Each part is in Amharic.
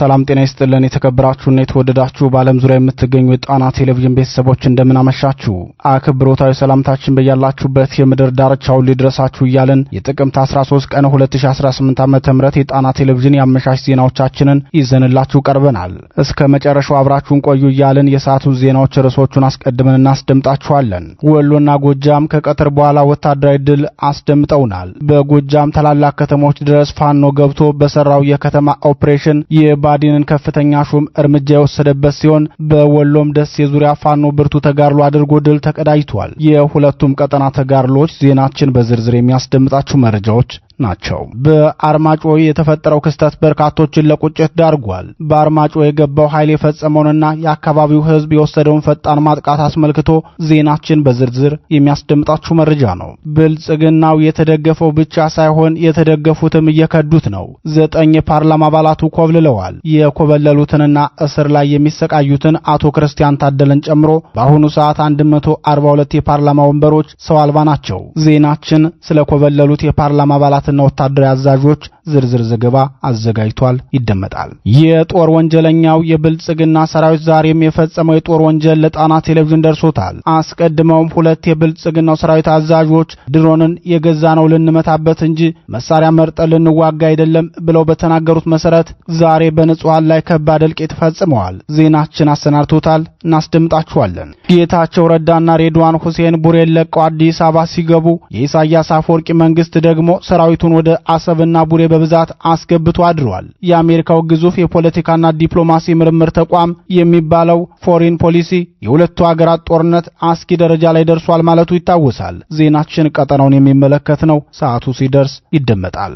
ሰላም ጤና ይስጥልን። የተከበራችሁና የተወደዳችሁ በዓለም ዙሪያ የምትገኙ የጣና ቴሌቪዥን ቤተሰቦች እንደምናመሻችሁ አክብሮታዊ ሰላምታችን በያላችሁበት የምድር ዳርቻው ሊድረሳችሁ እያልን የጥቅምት 13 ቀን 2018 ዓ.ም የጣና ቴሌቪዥን የአመሻሽ ዜናዎቻችንን ይዘንላችሁ ቀርበናል። እስከ መጨረሻው አብራችሁን ቆዩ እያልን የሰዓቱ ዜናዎች ርዕሶቹን አስቀድመን እናስደምጣችኋለን። ወሎና ጎጃም ከቀትር በኋላ ወታደራዊ ድል አስደምጠውናል። በጎጃም ታላላቅ ከተሞች ድረስ ፋኖ ገብቶ በሰራው የከተማ ኦፕሬሽን የባ የባዲንን ከፍተኛ ሹም እርምጃ የወሰደበት ሲሆን በወሎም ደሴ ዙሪያ ፋኖ ብርቱ ተጋድሎ አድርጎ ድል ተቀዳጅቷል። የሁለቱም ቀጠና ተጋድሎች ዜናችን በዝርዝር የሚያስደምጣችሁ መረጃዎች ናቸው። በአርማጮ የተፈጠረው ክስተት በርካቶችን ለቁጭት ዳርጓል። በአርማጮ የገባው ኃይል የፈጸመውንና የአካባቢው ሕዝብ የወሰደውን ፈጣን ማጥቃት አስመልክቶ ዜናችን በዝርዝር የሚያስደምጣችሁ መረጃ ነው። ብልጽግናው የተደገፈው ብቻ ሳይሆን የተደገፉትም እየከዱት ነው። ዘጠኝ የፓርላማ አባላቱ ኮብልለዋል። የኮበለሉትንና እስር ላይ የሚሰቃዩትን አቶ ክርስቲያን ታደለን ጨምሮ በአሁኑ ሰዓት 142 የፓርላማ ወንበሮች ሰው አልባ ናቸው። ዜናችን ስለ ኮበለሉት የፓርላማ አባላት የሰራዊትና ወታደራዊ አዛዦች ዝርዝር ዘገባ አዘጋጅቷል፣ ይደመጣል። የጦር ወንጀለኛው የብልጽግና ሰራዊት ዛሬም የፈጸመው የጦር ወንጀል ለጣና ቴሌቪዥን ደርሶታል። አስቀድመውም ሁለት የብልጽግናው ሰራዊት አዛዦች ድሮንን የገዛ ነው ልንመታበት እንጂ መሳሪያ መርጠን ልንዋጋ አይደለም ብለው በተናገሩት መሰረት ዛሬ በንጹሐን ላይ ከባድ እልቂት ፈጽመዋል። ዜናችን አሰናድቶታል፣ እናስደምጣችኋለን። ጌታቸው ረዳና ሬድዋን ሁሴን ቡሬን ለቀው አዲስ አበባ ሲገቡ የኢሳያስ አፈወርቂ መንግስት ደግሞ ሰራዊቱን ወደ አሰብና ቡሬ በብዛት አስገብቶ አድሯል። የአሜሪካው ግዙፍ የፖለቲካና ዲፕሎማሲ ምርምር ተቋም የሚባለው ፎሪን ፖሊሲ የሁለቱ ሀገራት ጦርነት አስጊ ደረጃ ላይ ደርሷል ማለቱ ይታወሳል። ዜናችን ቀጠናውን የሚመለከት ነው። ሰዓቱ ሲደርስ ይደመጣል።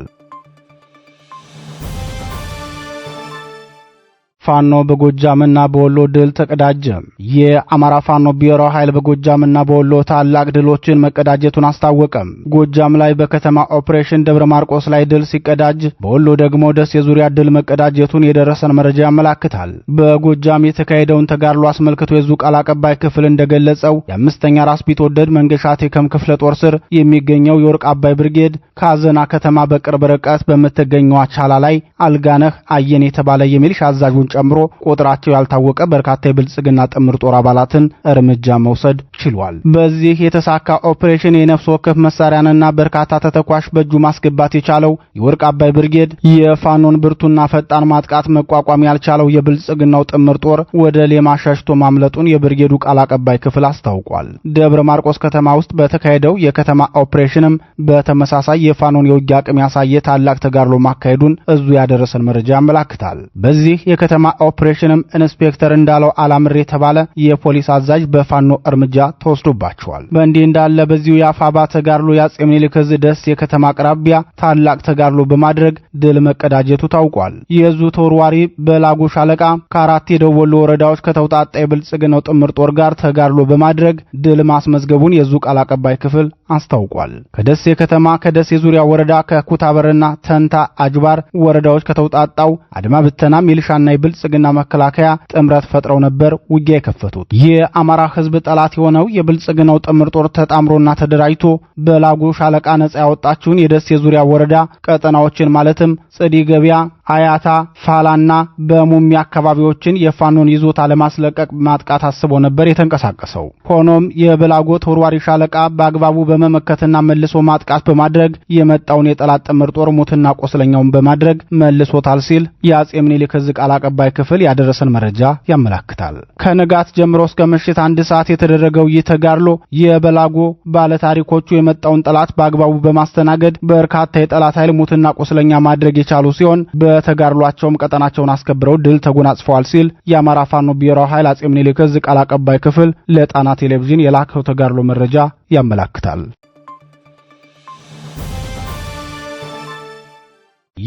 ፋኖ በጎጃምና በወሎ ድል ተቀዳጀ። የአማራ ፋኖ ብሔራዊ ኃይል በጎጃምና በወሎ ታላቅ ድሎችን መቀዳጀቱን አስታወቀ። ጎጃም ላይ በከተማ ኦፕሬሽን ደብረ ማርቆስ ላይ ድል ሲቀዳጅ፣ በወሎ ደግሞ ደስ የዙሪያ ድል መቀዳጀቱን የደረሰን መረጃ ያመላክታል። በጎጃም የተካሄደውን ተጋድሎ አስመልክቶ የዙ ቃል አቀባይ ክፍል እንደገለጸው የአምስተኛ ራስ ቢትወደድ መንገሻ ቴከም ክፍለ ጦር ስር የሚገኘው የወርቅ አባይ ብርጌድ ከአዘና ከተማ በቅርብ ርቀት በምትገኘው አቻላ ላይ አልጋነህ አየን የተባለ የሚልሽ አዛዥ ጨምሮ ቁጥራቸው ያልታወቀ በርካታ የብልጽግና ጥምር ጦር አባላትን እርምጃ መውሰድ ችሏል። በዚህ የተሳካ ኦፕሬሽን የነፍስ ወከፍ መሳሪያንና በርካታ ተተኳሽ በእጁ ማስገባት የቻለው የወርቅ አባይ ብርጌድ የፋኖን ብርቱና ፈጣን ማጥቃት መቋቋም ያልቻለው የብልጽግናው ጥምር ጦር ወደ ሌማ ሸሽቶ ማምለጡን የብርጌዱ ቃል አቀባይ ክፍል አስታውቋል። ደብረ ማርቆስ ከተማ ውስጥ በተካሄደው የከተማ ኦፕሬሽንም በተመሳሳይ የፋኖን የውጊያ አቅም ያሳየ ታላቅ ተጋድሎ ማካሄዱን እዙ ያደረሰን መረጃ ያመላክታል። በዚህ የከተማ የማያማ ኦፕሬሽንም ኢንስፔክተር እንዳለው አላምር የተባለ የፖሊስ አዛዥ በፋኖ እርምጃ ተወስዶባቸዋል። በእንዲህ እንዳለ በዚሁ የአፋባ ተጋድሎ የአጼ ምኒልክ እዝ ደሴ ከተማ አቅራቢያ ታላቅ ተጋድሎ በማድረግ ድል መቀዳጀቱ ታውቋል። የእዙ ተወርዋሪ በላጎ ሻለቃ ከአራት የደቡብ ወሎ ወረዳዎች ከተውጣጣ የብልጽግናው ጥምር ጦር ጋር ተጋድሎ በማድረግ ድል ማስመዝገቡን የእዙ ቃል አቀባይ ክፍል አስታውቋል። ከደሴ ከተማ፣ ከደሴ ዙሪያ ወረዳ፣ ከኩታበርና ተንታ አጅባር ወረዳዎች ከተውጣጣው አድማ ብተና ሚልሻና ይብል የብልጽግና መከላከያ ጥምረት ፈጥረው ነበር ውጊያ የከፈቱት። የአማራ ህዝብ ጠላት የሆነው የብልጽግናው ጥምር ጦር ተጣምሮና ተደራጅቶ በላጎ ሻለቃ ነጻ ያወጣችውን የደሴ ዙሪያ ወረዳ ቀጠናዎችን ማለትም ጽዲ ገበያ፣ አያታ፣ ፋላና በሙሚ አካባቢዎችን የፋኖን ይዞታ ለማስለቀቅ ማጥቃት አስቦ ነበር የተንቀሳቀሰው። ሆኖም የበላጎ ተወርዋሪ ሻለቃ በአግባቡ በመመከትና መልሶ ማጥቃት በማድረግ የመጣውን የጠላት ጥምር ጦር ሙትና ቆስለኛውን በማድረግ መልሶታል ሲል የአጼ ምኒልክ ህዝ ቃል አቀባይ አባይ ክፍል ያደረሰን መረጃ ያመላክታል። ከንጋት ጀምሮ እስከ ምሽት አንድ ሰዓት የተደረገው ይህ ተጋድሎ የበላጎ ባለታሪኮቹ የመጣውን ጠላት በአግባቡ በማስተናገድ በርካታ የጠላት ኃይል ሙትና ቁስለኛ ማድረግ የቻሉ ሲሆን በተጋድሏቸውም ቀጠናቸውን አስከብረው ድል ተጎናጽፈዋል ሲል የአማራ ፋኖ ብሔራዊ ኃይል አጼ ምኒልክ ዕዝ ቃል አቀባይ ክፍል ለጣና ቴሌቪዥን የላከው ተጋድሎ መረጃ ያመላክታል።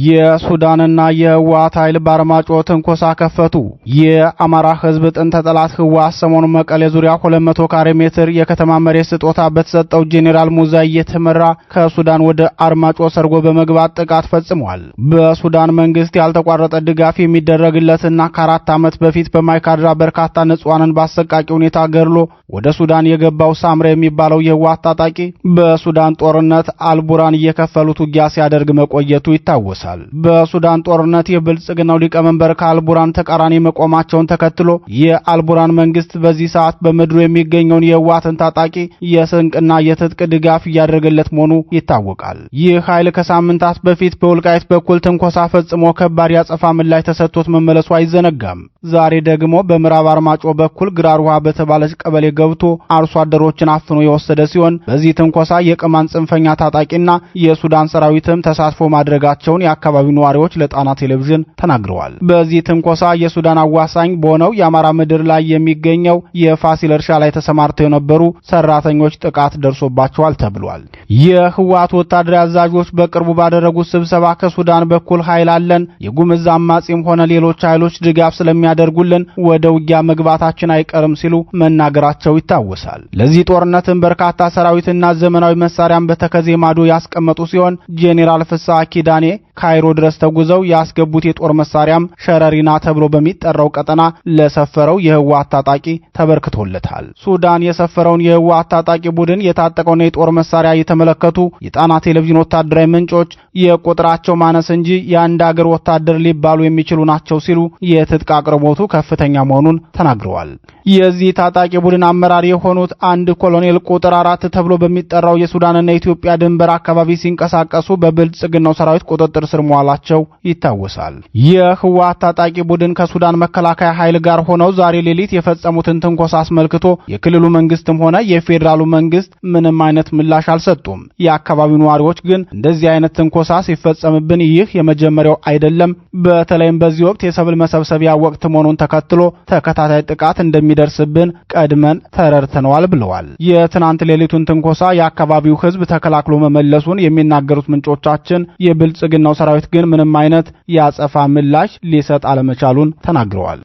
የሱዳንና የህወሓት ኃይል በአርማጮ ትንኮሳ ከፈቱ። የአማራ ህዝብ ጥንተ ጠላት ህወሓት ሰሞኑን መቀሌ ዙሪያ 200 ካሬ ሜትር የከተማ መሬት ስጦታ በተሰጠው ጄኔራል ሙዛ እየተመራ ከሱዳን ወደ አርማጮ ሰርጎ በመግባት ጥቃት ፈጽሟል። በሱዳን መንግስት ያልተቋረጠ ድጋፍ የሚደረግለትና ከአራት ዓመት በፊት በማይካድራ በርካታ ንጹሐንን በአሰቃቂ ሁኔታ ገድሎ ወደ ሱዳን የገባው ሳምሬ የሚባለው የህወሓት ታጣቂ በሱዳን ጦርነት አልቡራን እየከፈሉት ውጊያ ሲያደርግ መቆየቱ ይታወሳል። ይታወሳል። በሱዳን ጦርነት የብልጽግናው ሊቀመንበር ከአልቡራን ተቃራኒ መቆማቸውን ተከትሎ የአልቡራን መንግስት በዚህ ሰዓት በምድሩ የሚገኘውን የህወሓትን ታጣቂ የስንቅና የትጥቅ ድጋፍ እያደረገለት መሆኑ ይታወቃል። ይህ ኃይል ከሳምንታት በፊት በውልቃይት በኩል ትንኮሳ ፈጽሞ ከባድ ያጸፋ ምላሽ ተሰጥቶት መመለሱ አይዘነጋም። ዛሬ ደግሞ በምዕራብ አርማጮ በኩል ግራር ውሃ በተባለች ቀበሌ ገብቶ አርሶ አደሮችን አፍኖ የወሰደ ሲሆን በዚህ ትንኮሳ የቅማን ጽንፈኛ ታጣቂና የሱዳን ሰራዊትም ተሳትፎ ማድረጋቸውን የአካባቢው ነዋሪዎች ለጣና ቴሌቪዥን ተናግረዋል። በዚህ ትንኮሳ የሱዳን አዋሳኝ በሆነው የአማራ ምድር ላይ የሚገኘው የፋሲል እርሻ ላይ ተሰማርተው የነበሩ ሰራተኞች ጥቃት ደርሶባቸዋል ተብሏል። የህወሓት ወታደራዊ አዛዦች በቅርቡ ባደረጉት ስብሰባ ከሱዳን በኩል ኃይል አለን፣ የጉምዝ አማጺም ሆነ ሌሎች ኃይሎች ድጋፍ ስለሚያደርጉልን ወደ ውጊያ መግባታችን አይቀርም ሲሉ መናገራቸው ይታወሳል። ለዚህ ጦርነትም በርካታ ሰራዊትና ዘመናዊ መሳሪያን በተከዜ ማዶ ያስቀመጡ ሲሆን ጄኔራል ፍስሐ ኪዳኔ ካይሮ ድረስ ተጉዘው ያስገቡት የጦር መሳሪያም ሸረሪና ተብሎ በሚጠራው ቀጠና ለሰፈረው የህወሓት ታጣቂ ተበርክቶለታል። ሱዳን የሰፈረውን የህወሓት ታጣቂ ቡድን የታጠቀውና የጦር መሳሪያ የተመለከቱ የጣና ቴሌቪዥን ወታደራዊ ምንጮች የቁጥራቸው ማነስ እንጂ የአንድ አገር ወታደር ሊባሉ የሚችሉ ናቸው ሲሉ የትጥቅ አቅርቦቱ ከፍተኛ መሆኑን ተናግረዋል። የዚህ ታጣቂ ቡድን አመራር የሆኑት አንድ ኮሎኔል ቁጥር አራት ተብሎ በሚጠራው የሱዳንና የኢትዮጵያ ድንበር አካባቢ ሲንቀሳቀሱ በብልጽግናው ሰራዊት ቁጥጥር ቁጥጥር ስር መዋላቸው ይታወሳል። የህወሓት ታጣቂ ቡድን ከሱዳን መከላከያ ኃይል ጋር ሆነው ዛሬ ሌሊት የፈጸሙትን ትንኮሳ አስመልክቶ የክልሉ መንግስትም ሆነ የፌዴራሉ መንግስት ምንም አይነት ምላሽ አልሰጡም። የአካባቢው ነዋሪዎች ግን እንደዚህ አይነት ትንኮሳ ሲፈጸምብን ይህ የመጀመሪያው አይደለም፣ በተለይም በዚህ ወቅት የሰብል መሰብሰቢያ ወቅት መሆኑን ተከትሎ ተከታታይ ጥቃት እንደሚደርስብን ቀድመን ተረድተነዋል ብለዋል። የትናንት ሌሊቱን ትንኮሳ የአካባቢው ህዝብ ተከላክሎ መመለሱን የሚናገሩት ምንጮቻችን የብልጽግናው ሰራዊት ግን ምንም አይነት የአጸፋ ምላሽ ሊሰጥ አለመቻሉን ተናግረዋል።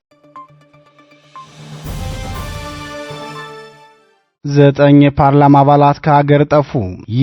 ዘጠኝ የፓርላማ አባላት ከሀገር ጠፉ።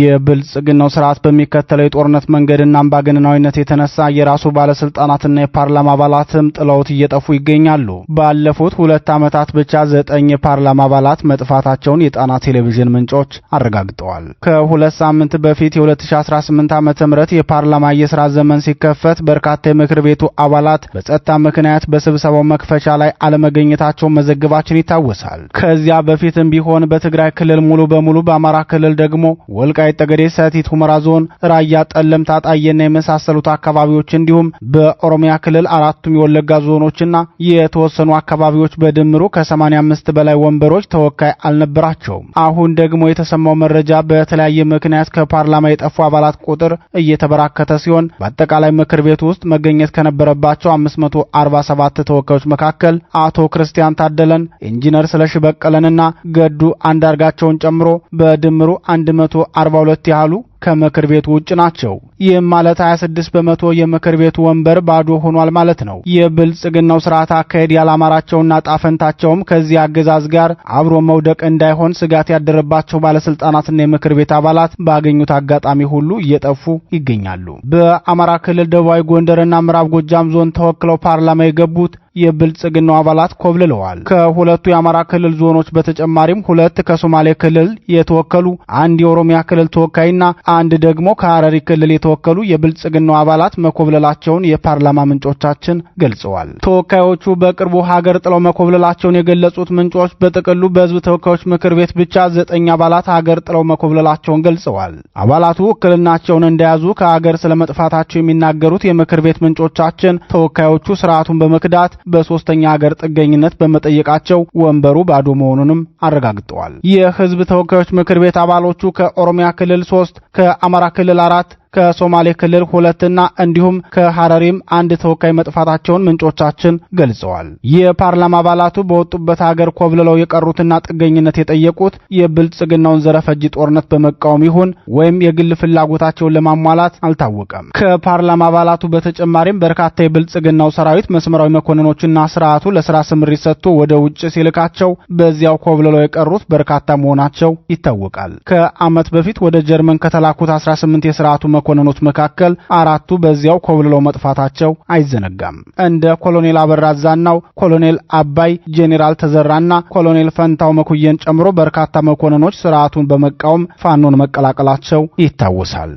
የብልጽግናው ስርዓት በሚከተለው የጦርነት መንገድና አምባገነናዊነት የተነሳ የራሱ ባለስልጣናትና የፓርላማ አባላትም ጥለውት እየጠፉ ይገኛሉ። ባለፉት ሁለት ዓመታት ብቻ ዘጠኝ የፓርላማ አባላት መጥፋታቸውን የጣና ቴሌቪዥን ምንጮች አረጋግጠዋል። ከሁለት ሳምንት በፊት የ2018 ዓ ም የፓርላማ የስራ ዘመን ሲከፈት በርካታ የምክር ቤቱ አባላት በጸጥታ ምክንያት በስብሰባው መክፈቻ ላይ አለመገኘታቸውን መዘግባችን ይታወሳል። ከዚያ በፊትም ቢሆን በት በትግራይ ክልል ሙሉ በሙሉ በአማራ ክልል ደግሞ ወልቃይት ጠገዴ፣ ሰቲት ሁመራ ዞን፣ ራያ፣ ጠለምት፣ አጣዬና የመሳሰሉት አካባቢዎች እንዲሁም በኦሮሚያ ክልል አራቱም የወለጋ ዞኖችና የተወሰኑ አካባቢዎች በድምሩ ከ85 በላይ ወንበሮች ተወካይ አልነበራቸውም። አሁን ደግሞ የተሰማው መረጃ በተለያየ ምክንያት ከፓርላማ የጠፉ አባላት ቁጥር እየተበራከተ ሲሆን በአጠቃላይ ምክር ቤት ውስጥ መገኘት ከነበረባቸው 547 ተወካዮች መካከል አቶ ክርስቲያን ታደለን፣ ኢንጂነር ስለሺ በቀለንና ገዱ አንዳርጋቸውን ጨምሮ በድምሩ 142 ያህሉ ከምክር ቤቱ ውጭ ናቸው። ይህም ማለት 26 በመቶ የምክር ቤቱ ወንበር ባዶ ሆኗል ማለት ነው። የብልጽግናው ስርዓት አካሄድ ያላማራቸውና ጣፈንታቸውም ከዚህ አገዛዝ ጋር አብሮ መውደቅ እንዳይሆን ስጋት ያደረባቸው ባለስልጣናትና የምክር ቤት አባላት ባገኙት አጋጣሚ ሁሉ እየጠፉ ይገኛሉ። በአማራ ክልል ደቡባዊ ጎንደርና ምዕራብ ጎጃም ዞን ተወክለው ፓርላማ የገቡት የብልጽግናው አባላት ኮብልለዋል። ከሁለቱ የአማራ ክልል ዞኖች በተጨማሪም ሁለት ከሶማሌ ክልል የተወከሉ አንድ የኦሮሚያ ክልል ተወካይና አንድ ደግሞ ከሐረሪ ክልል የተወከሉ የብልጽግናው አባላት መኮብለላቸውን የፓርላማ ምንጮቻችን ገልጸዋል። ተወካዮቹ በቅርቡ ሀገር ጥለው መኮብለላቸውን የገለጹት ምንጮች በጥቅሉ በህዝብ ተወካዮች ምክር ቤት ብቻ ዘጠኝ አባላት ሀገር ጥለው መኮብለላቸውን ገልጸዋል። አባላቱ ውክልናቸውን እንደያዙ ከሀገር ስለመጥፋታቸው የሚናገሩት የምክር ቤት ምንጮቻችን ተወካዮቹ ስርዓቱን በመክዳት በሶስተኛ ሀገር ጥገኝነት በመጠየቃቸው ወንበሩ ባዶ መሆኑንም አረጋግጠዋል። የህዝብ ተወካዮች ምክር ቤት አባሎቹ ከኦሮሚያ ክልል ሶስት ከአማራ ክልል አራት ከሶማሌ ክልል ሁለትና እንዲሁም ከሐረሪም አንድ ተወካይ መጥፋታቸውን ምንጮቻችን ገልጸዋል። የፓርላማ አባላቱ በወጡበት ሀገር ኮብልለው የቀሩትና ጥገኝነት የጠየቁት የብልጽግናውን ዘረፈጅ ጦርነት በመቃወም ይሁን ወይም የግል ፍላጎታቸውን ለማሟላት አልታወቀም። ከፓርላማ አባላቱ በተጨማሪም በርካታ የብልጽግናው ሰራዊት መስመራዊ መኮንኖችና ስርዓቱ ለስራ ስምሪት ሰጥቶ ወደ ውጭ ሲልካቸው በዚያው ኮብልለው የቀሩት በርካታ መሆናቸው ይታወቃል። ከዓመት በፊት ወደ ጀርመን ከተላኩት 18 የስርዓቱ መኮንኖች መካከል አራቱ በዚያው ኮብልለው መጥፋታቸው አይዘነጋም። እንደ ኮሎኔል አበራ ዛናው፣ ኮሎኔል አባይ፣ ጄኔራል ተዘራና ኮሎኔል ፈንታው መኩየን ጨምሮ በርካታ መኮንኖች ስርዓቱን በመቃወም ፋኖን መቀላቀላቸው ይታወሳል።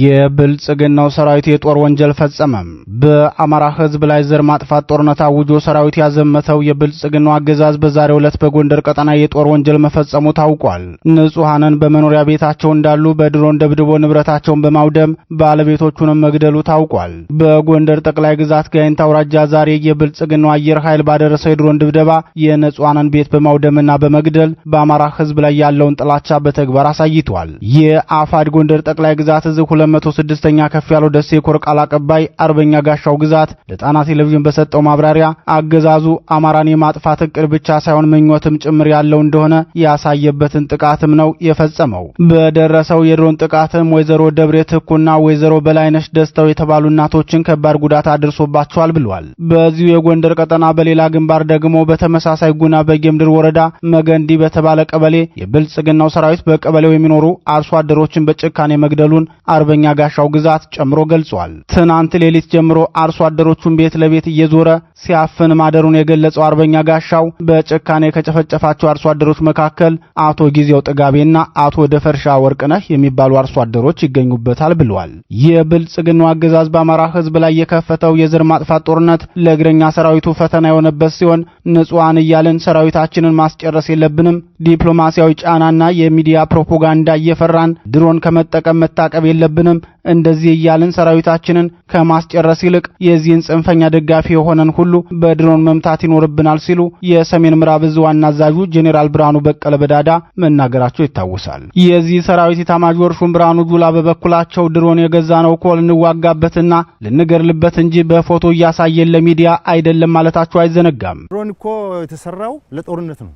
የብልጽግናው ሰራዊት የጦር ወንጀል ፈጸመም። በአማራ ህዝብ ላይ ዘር ማጥፋት ጦርነት አውጆ ሰራዊት ያዘመተው የብልጽግናው አገዛዝ በዛሬው ዕለት በጎንደር ቀጠና የጦር ወንጀል መፈጸሙ ታውቋል። ንጹሐንን በመኖሪያ ቤታቸው እንዳሉ በድሮን ደብድቦ ንብረታቸውን በማውደም ባለቤቶቹንም መግደሉ ታውቋል። በጎንደር ጠቅላይ ግዛት ጋይንት አውራጃ ዛሬ የብልጽግናው አየር ኃይል ባደረሰው የድሮን ድብደባ የንጹሐንን ቤት በማውደምና በመግደል በአማራ ህዝብ ላይ ያለውን ጥላቻ በተግባር አሳይቷል። የአፋድ ጎንደር ጠቅላይ ግዛት 206ኛ ከፍ ያለው ደሴ ኮር ቃል አቀባይ አርበኛ ጋሻው ግዛት ለጣና ቴሌቪዥን በሰጠው ማብራሪያ አገዛዙ አማራን የማጥፋት እቅድ ብቻ ሳይሆን ምኞትም ጭምር ያለው እንደሆነ ያሳየበትን ጥቃትም ነው የፈጸመው። በደረሰው የድሮን ጥቃትም ወይዘሮ ደብሬ ትኩና ወይዘሮ በላይነሽ ደስተው የተባሉ እናቶችን ከባድ ጉዳት አድርሶባቸዋል ብሏል። በዚሁ የጎንደር ቀጠና በሌላ ግንባር ደግሞ በተመሳሳይ ጉና በጌምድር ወረዳ መገንዲ በተባለ ቀበሌ የብልጽግናው ሰራዊት በቀበሌው የሚኖሩ አርሶ አደሮችን በጭካኔ መግደሉን አርበኛ ጋሻው ግዛት ጨምሮ ገልጿል። ትናንት ሌሊት ጀምሮ አርሶ አደሮቹን ቤት ለቤት እየዞረ ሲያፍን ማደሩን የገለጸው አርበኛ ጋሻው በጭካኔ ከጨፈጨፋቸው አርሶ አደሮች መካከል አቶ ጊዜው ጥጋቤና አቶ ደፈርሻ ወርቅነህ የሚባሉ አርሶ አደሮች ይገኙበታል ብሏል። የብልጽግናው አገዛዝ በአማራ ሕዝብ ላይ የከፈተው የዘር ማጥፋት ጦርነት ለእግረኛ ሰራዊቱ ፈተና የሆነበት ሲሆን ንጹሐን እያልን ሰራዊታችንን ማስጨረስ የለብንም። ዲፕሎማሲያዊ ጫናና የሚዲያ ፕሮፓጋንዳ እየፈራን ድሮን ከመጠቀም መታቀብ የለብንም የለብንም። እንደዚህ እያልን ሰራዊታችንን ከማስጨረስ ይልቅ የዚህን ጽንፈኛ ደጋፊ የሆነን ሁሉ በድሮን መምታት ይኖርብናል ሲሉ የሰሜን ምዕራብ እዝ ዋና አዛዡ ጄኔራል ብርሃኑ በቀለ በዳዳ መናገራቸው ይታወሳል። የዚህ ሰራዊት ኤታማዦር ሹም ብርሃኑ ጁላ በበኩላቸው ድሮን የገዛ ነው እኮ ልንዋጋበትና ልንገድልበት እንጂ በፎቶ እያሳየን ለሚዲያ አይደለም ማለታቸው አይዘነጋም። ድሮን እኮ የተሰራው ለጦርነት ነው፣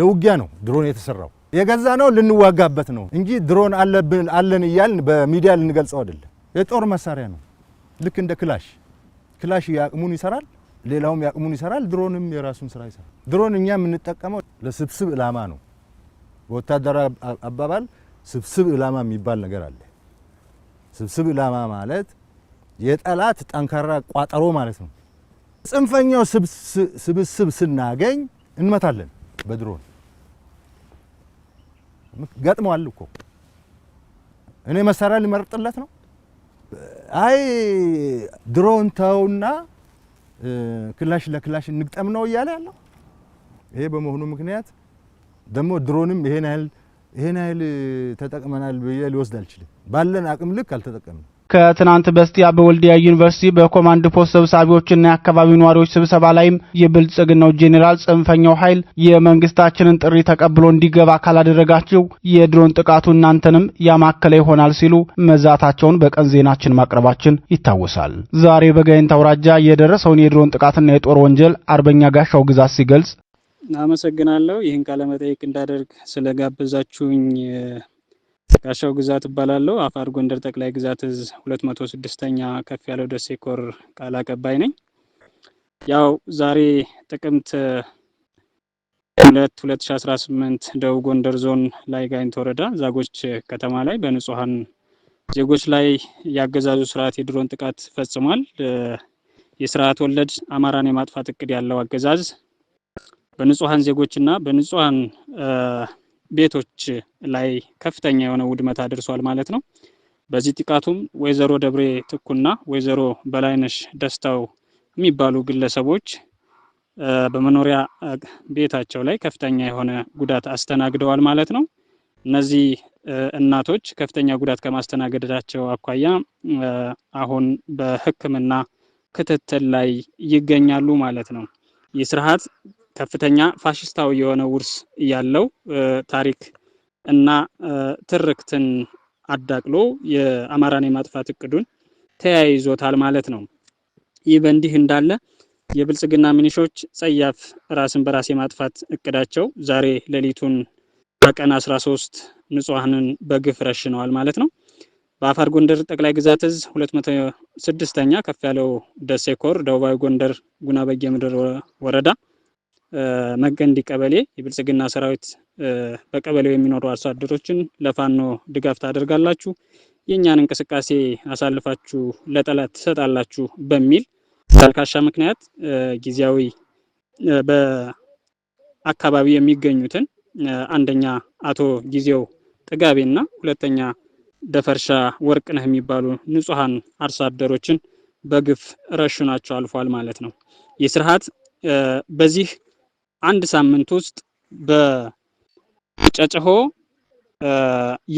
ለውጊያ ነው ድሮን የተሰራው የገዛ ነው ልንዋጋበት ነው እንጂ ድሮን አለብን አለን እያልን በሚዲያ ልንገልጸው አይደለም። የጦር መሳሪያ ነው። ልክ እንደ ክላሽ ክላሽ የአቅሙን ይሰራል፣ ሌላውም የአቅሙን ይሰራል፣ ድሮንም የራሱን ስራ ይሰራል። ድሮን እኛ የምንጠቀመው ለስብስብ ዕላማ ነው። በወታደራዊ አባባል ስብስብ ዕላማ የሚባል ነገር አለ። ስብስብ ዕላማ ማለት የጠላት ጠንካራ ቋጠሮ ማለት ነው። ጽንፈኛው ስብስብ ስናገኝ እንመታለን በድሮን ገጥመዋል እኮ እኔ መሳሪያ ሊመርጥለት ነው። አይ ድሮን ተውና ክላሽ ለክላሽ እንግጠም ነው እያለ ያለው ይሄ በመሆኑ ምክንያት ደግሞ ድሮንም ይሄን ያህል ይሄን ያህል ተጠቅመናል ብዬ ሊወስድ አልችልም። ባለን አቅም ልክ አልተጠቀምንም። ከትናንት በስቲያ በወልዲያ ዩኒቨርሲቲ በኮማንድ ፖስት ሰብሳቢዎችና የአካባቢው ነዋሪዎች ስብሰባ ላይም የብልጽግናው ጄኔራል ጽንፈኛው ኃይል የመንግስታችንን ጥሪ ተቀብሎ እንዲገባ ካላደረጋችሁ የድሮን ጥቃቱ እናንተንም ያማከለ ይሆናል ሲሉ መዛታቸውን በቀን ዜናችን ማቅረባችን ይታወሳል። ዛሬ በጋይንት አውራጃ የደረሰውን የድሮን ጥቃትና የጦር ወንጀል አርበኛ ጋሻው ግዛት ሲገልጽ አመሰግናለሁ። ይህን ቃለመጠይቅ እንዳደርግ ስለጋበዛችሁኝ ጋሻው ግዛት እባላለሁ። አፋር ጎንደር ጠቅላይ ግዛት እዝ ሁለት መቶ ስድስተኛ ከፍ ያለው ደሴ ኮር ቃል አቀባይ ነኝ። ያው ዛሬ ጥቅምት ሁለት ሁለት ሺ አስራ ስምንት ደቡብ ጎንደር ዞን ላይ ጋይንት ወረዳ ዛጎች ከተማ ላይ በንጹሀን ዜጎች ላይ ያገዛዙ ስርዓት የድሮን ጥቃት ፈጽሟል። የስርዓት ወለድ አማራን የማጥፋት እቅድ ያለው አገዛዝ በንጹሀን ዜጎችና በንጹሀን ቤቶች ላይ ከፍተኛ የሆነ ውድመት አድርሷል ማለት ነው። በዚህ ጥቃቱም ወይዘሮ ደብሬ ትኩና ወይዘሮ በላይነሽ ደስታው የሚባሉ ግለሰቦች በመኖሪያ ቤታቸው ላይ ከፍተኛ የሆነ ጉዳት አስተናግደዋል ማለት ነው። እነዚህ እናቶች ከፍተኛ ጉዳት ከማስተናገዳቸው አኳያ አሁን በሕክምና ክትትል ላይ ይገኛሉ ማለት ነው። ይህ ስርዓት ከፍተኛ ፋሽስታዊ የሆነ ውርስ ያለው ታሪክ እና ትርክትን አዳቅሎ የአማራን የማጥፋት እቅዱን ተያይዞታል ማለት ነው። ይህ በእንዲህ እንዳለ የብልጽግና ሚኒሾች ጸያፍ ራስን በራስ የማጥፋት እቅዳቸው ዛሬ ሌሊቱን በቀን 13 ንጹሐንን በግፍ ረሽነዋል ማለት ነው። በአፋር ጎንደር ጠቅላይ ግዛት እዝ 206ኛ ከፍ ያለው ደሴ ኮር ደቡባዊ ጎንደር ጉና ምድር ወረዳ መገንዲ ቀበሌ የብልጽግና ሰራዊት በቀበሌው የሚኖሩ አርሶ አደሮችን ለፋኖ ድጋፍ ታደርጋላችሁ፣ የእኛን እንቅስቃሴ አሳልፋችሁ ለጠላት ትሰጣላችሁ በሚል ተልካሻ ምክንያት ጊዜያዊ በአካባቢ የሚገኙትን አንደኛ አቶ ጊዜው ጥጋቤና ሁለተኛ ደፈርሻ ነህ የሚባሉ ንጹሐን አርሶ አደሮችን በግፍ ረሽናቸው አልፏል ማለት ነው። ይህ ስርዓት በዚህ አንድ ሳምንት ውስጥ በጨጨሆ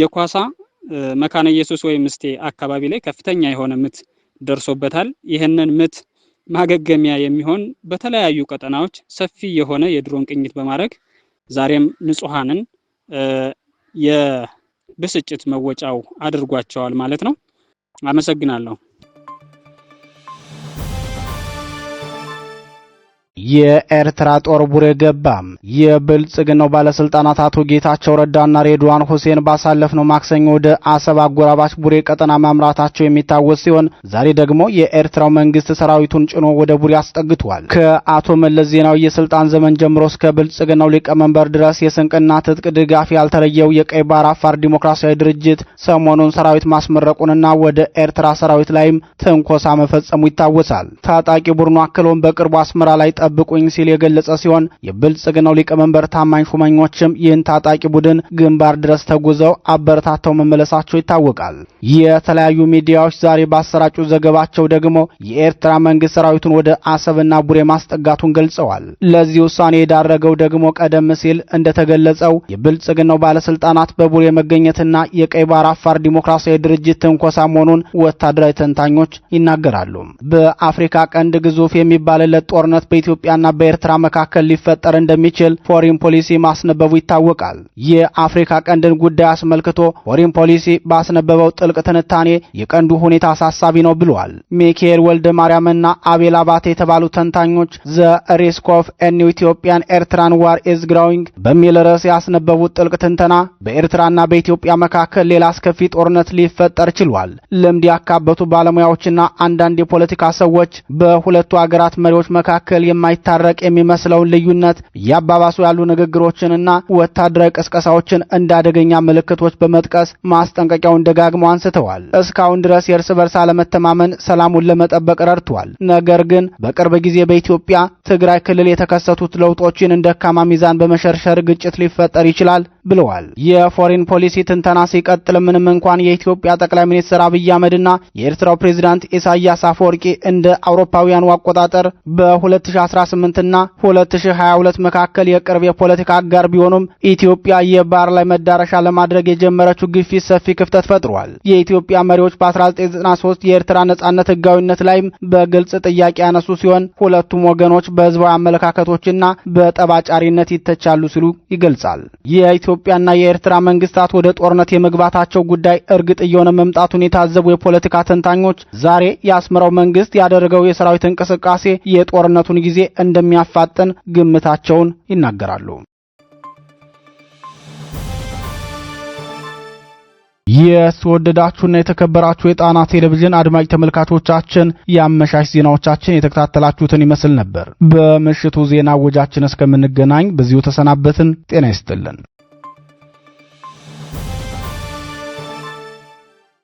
የኳሳ መካነ ኢየሱስ ወይም እስቴ አካባቢ ላይ ከፍተኛ የሆነ ምት ደርሶበታል። ይህንን ምት ማገገሚያ የሚሆን በተለያዩ ቀጠናዎች ሰፊ የሆነ የድሮን ቅኝት በማድረግ ዛሬም ንጹሐንን የብስጭት መወጫው አድርጓቸዋል ማለት ነው። አመሰግናለሁ። የኤርትራ ጦር ቡሬ ገባ። የብልጽግናው ባለስልጣናት አቶ ጌታቸው ረዳና ሬድዋን ሁሴን ባሳለፍነው ማክሰኞ ወደ አሰብ አጎራባች ቡሬ ቀጠና ማምራታቸው የሚታወስ ሲሆን ዛሬ ደግሞ የኤርትራው መንግስት ሰራዊቱን ጭኖ ወደ ቡሬ አስጠግቷል። ከአቶ መለስ ዜናዊ የስልጣን ዘመን ጀምሮ እስከ ብልጽግናው ሊቀመንበር ድረስ የስንቅና ትጥቅ ድጋፍ ያልተለየው የቀይ ባህር አፋር ዲሞክራሲያዊ ድርጅት ሰሞኑን ሰራዊት ማስመረቁንና ወደ ኤርትራ ሰራዊት ላይም ትንኮሳ መፈጸሙ ይታወሳል። ታጣቂ ቡድኑ አክለውን በቅርቡ አስመራ ላይ ጠብቁኝ ሲል የገለጸ ሲሆን የብልጽግናው ሊቀመንበር ታማኝ ሹመኞችም ይህን ታጣቂ ቡድን ግንባር ድረስ ተጉዘው አበረታተው መመለሳቸው ይታወቃል። የተለያዩ ሚዲያዎች ዛሬ ባሰራጩ ዘገባቸው ደግሞ የኤርትራ መንግስት ሰራዊቱን ወደ አሰብና ቡሬ ማስጠጋቱን ገልጸዋል። ለዚህ ውሳኔ የዳረገው ደግሞ ቀደም ሲል እንደተገለጸው የብልጽግናው ባለስልጣናት በቡሬ መገኘትና የቀይ ባህር አፋር ዲሞክራሲያዊ ድርጅት ትንኮሳ መሆኑን ወታደራዊ ተንታኞች ይናገራሉ። በአፍሪካ ቀንድ ግዙፍ የሚባልለት ጦርነት በኢትዮ በኢትዮጵያና በኤርትራ መካከል ሊፈጠር እንደሚችል ፎሪን ፖሊሲ ማስነበቡ ይታወቃል። የአፍሪካ ቀንድን ጉዳይ አስመልክቶ ፎሪን ፖሊሲ ባስነበበው ጥልቅ ትንታኔ የቀንዱ ሁኔታ አሳሳቢ ነው ብሏል። ሚካኤል ወልደ ማርያምና አቤል አባቴ የተባሉ ተንታኞች ዘ ሪስክ ኦፍ ኤኒ ኢትዮጵያን ኤርትራን ዋር ኢዝ ግሮዊንግ በሚል ርዕስ ያስነበቡት ጥልቅ ትንተና በኤርትራና በኢትዮጵያ መካከል ሌላ አስከፊ ጦርነት ሊፈጠር ችሏል። ልምድ ያካበቱ ባለሙያዎችና አንዳንድ የፖለቲካ ሰዎች በሁለቱ አገራት መሪዎች መካከል የማ የማይታረቅ የሚመስለውን ልዩነት እያባባሱ ያሉ ንግግሮችንና ወታደራዊ ቅስቀሳዎችን እንደ አደገኛ ምልክቶች በመጥቀስ ማስጠንቀቂያውን ደጋግሞ አንስተዋል። እስካሁን ድረስ የእርስ በርስ አለመተማመን ሰላሙን ለመጠበቅ ረድቷል። ነገር ግን በቅርብ ጊዜ በኢትዮጵያ ትግራይ ክልል የተከሰቱት ለውጦችን እንደ ደካማ ሚዛን በመሸርሸር ግጭት ሊፈጠር ይችላል ብለዋል። የፎሪን ፖሊሲ ትንተና ሲቀጥል ምንም እንኳን የኢትዮጵያ ጠቅላይ ሚኒስትር አብይ አህመድና የኤርትራው ፕሬዚዳንት ኢሳያስ አፈወርቂ እንደ አውሮፓውያኑ አቆጣጠር በ2015 2018 ና 2022 መካከል የቅርብ የፖለቲካ አጋር ቢሆኑም ኢትዮጵያ የባህር ላይ መዳረሻ ለማድረግ የጀመረችው ግፊት ሰፊ ክፍተት ፈጥሯል። የኢትዮጵያ መሪዎች በ1993 የኤርትራ ነጻነት ህጋዊነት ላይም በግልጽ ጥያቄ ያነሱ ሲሆን ሁለቱም ወገኖች በህዝባዊ አመለካከቶችና በጠባጫሪነት ይተቻሉ ሲሉ ይገልጻል። የኢትዮጵያና የኤርትራ መንግስታት ወደ ጦርነት የመግባታቸው ጉዳይ እርግጥ እየሆነ መምጣቱን የታዘቡ የፖለቲካ ተንታኞች ዛሬ የአስመራው መንግስት ያደረገው የሰራዊት እንቅስቃሴ የጦርነቱን ጊዜ ጊዜ እንደሚያፋጥን ግምታቸውን ይናገራሉ። የተወደዳችሁና የተከበራችሁ የጣና ቴሌቪዥን አድማጭ ተመልካቾቻችን የአመሻሽ ዜናዎቻችን የተከታተላችሁትን ይመስል ነበር። በምሽቱ ዜና ወጃችን እስከምንገናኝ በዚሁ ተሰናበትን። ጤና ይስጥልን።